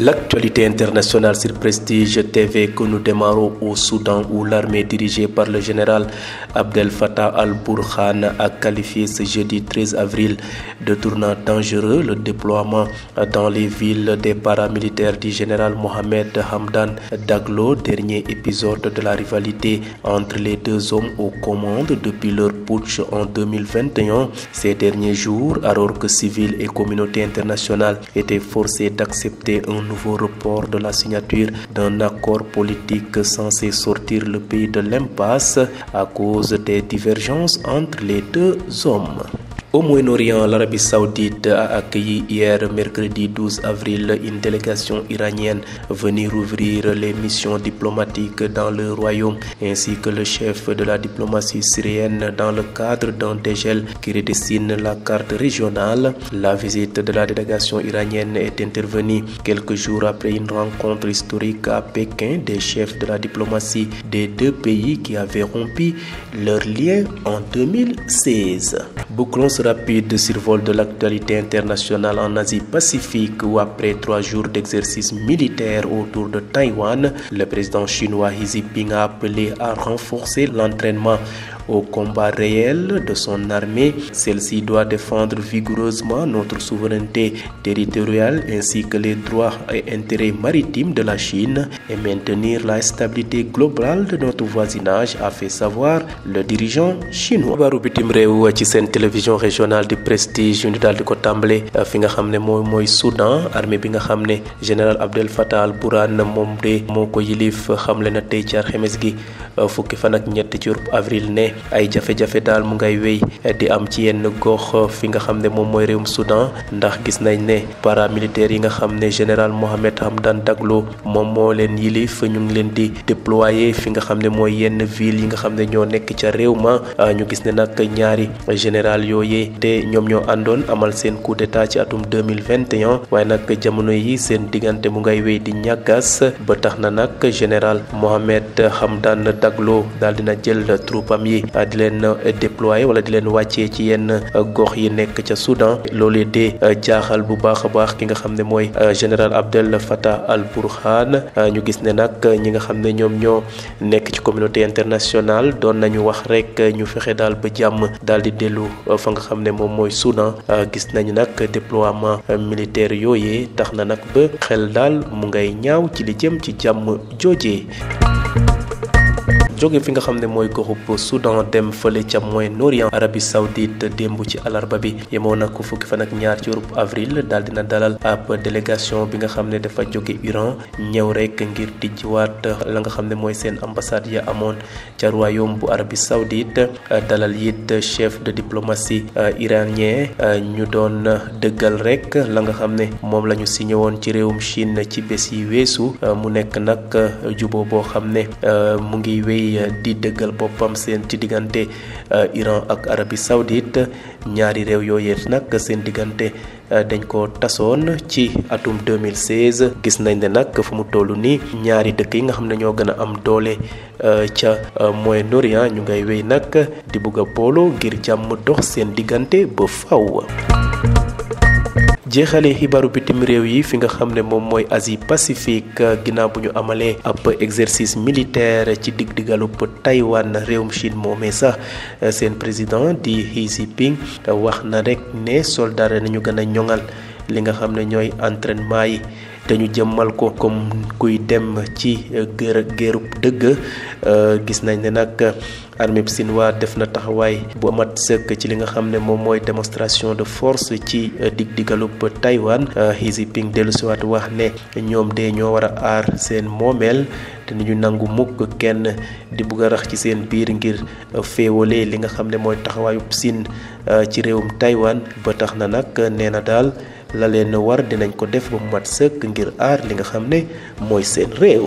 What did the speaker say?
L'actualité internationale sur Prestige TV que nous démarrons au Soudan où l'armée dirigée par le général Abdel Fattah al-Burhan a qualifié ce jeudi 13 avril de tournant dangereux le déploiement dans les villes des paramilitaires du général Mohamed Hamdan Daglo, dernier épisode de la rivalité entre les deux hommes aux commandes depuis leur putsch en 2021. Ces derniers jours, alors que civils et communautés internationales étaient forcés d'accepter un nouveau report de la signature d'un accord politique censé sortir le pays de l'impasse à cause des divergences entre les deux hommes. Au Moyen-Orient, l'Arabie saoudite a accueilli hier, mercredi 12 avril, une délégation iranienne venir ouvrir les missions diplomatiques dans le royaume, ainsi que le chef de la diplomatie syrienne dans le cadre d'un dégel qui redessine la carte régionale. La visite de la délégation iranienne est intervenue quelques jours après une rencontre historique à Pékin des chefs de la diplomatie des deux pays qui avaient rompu leurs liens en 2016 rapide de survol de l'actualité internationale en Asie-Pacifique où après trois jours d'exercice militaire autour de Taïwan, le président chinois Xi Jinping a appelé à renforcer l'entraînement au combat réel de son armée. Celle-ci doit défendre vigoureusement notre souveraineté territoriale ainsi que les droits et intérêts maritimes de la Chine et maintenir la stabilité globale de notre voisinage, a fait savoir le dirigeant chinois. télévision régionale du prestige avril ay jafe-jafe daal mu ngay wéy di am ci yenn gox fi nga xam ne moom mooy réewum Soudan ndax gis nañ ne paramilitaires yi nga xam ne général Mohamed Hamdan Daglo moom moo leen yilif ñu ngi leen di déployer fi nga xam ne mooy yenn ville yi nga xam ne ñoo nekk ca réew ma ah, ñu gis ne nag ñaari général yooyee te ñoom ñoo àndoon amal seen coup d'état ci atum 2021 waaye nag jamono yi seen diggante mu ngay wéy di ñàggas ba tax na nag général Mohamed Hamdan Daglo daal dina jël troupam yi di leen euh, déployer wala di leen wàccee ci yenn euh, gox yi nekk ca Soudan loolee de euh, jaaxal bu baax a baax ki nga xam ne mooy général Abdel Fattah al-Burhan ñu gis ne nag ñi nga xam ne ñoom ñoo nekk ci communauté internationale doon nañu wax rek ñu fexe daal ba jàmm daal di dellu fa nga xam ne moom mooy Soudan gis nañu nag déploiement militaire yooyee tax na nag ba xel daal mu ngay ñaaw ci li jëm ci jàmm joojee jóge fi nga xam ne mooy goxub Soudan dem fële ca Moyen-Orient Arabie Saoudite démb ci alarba bi yemoon na ko fukki fan ak ñaar ci rub avril daal dina dalal ab délégation bi nga xam ne dafa jóge Iran ñëw rek ngir tijjiwaat la nga xam ne mooy seen ambassade ya amoon ca royaume bu Arabie Saoudite dalal it chef de diplomatie euh, iranien euh, ñu doon dëggal rek la nga xam ne moom lañu ñu signé woon ci réewum Chine ci bés yi weesu euh, mu nekk nag juboo boo xam ne mu ngi Eh, di dëggal boppam seen ci diggante eh, Iran ak Arabie sawdit ñaari réew yooyee nag seen diggante eh, dañ ko tasoon ci atum 2016 gis nañ ne nag fu mu toll nii ñaari dëkk yi nga xam ne ñoo gën a am doole ca Moyen-Orient ñu ngay wéy nag di bugg a booloo ngir jàmm dox seen diggante ba faw jeexalee xibaaru bitim réew yi fi nga xam ne moom mooy Asie Pacifique ginnaaw bu ñu amalee ab exercice militaire ci digdigalub réew réewum Chine moomee sax seen président di Xi Jinping wax na rek ne soldaare nañu gën a ñoŋal li nga xam ne ñooy entraînement yi dañu jëmmal ko comme kuy dem ci euh, gër géerub dëgg euh, gis nañ ne nag armée bu Sinwaa def na taxawaay bu amat sëkk ci li nga xam ne moom mooy démonstration de force ci euh, dig digalub Taïwan Xi Jinping dellusiwaat wax ne ñoom de ñoo war a aar seen moomeel te ni ñu nangu mukk kenn di bugg a rax ci seen biir ngir féewale li nga xam ne mooy taxawaayu Siin ci réewum Taïwan ba tax na nag nee na daal la leen war dinañ ko def ba mu mat sëkk ngir aar li nga xam ne mooy seen réew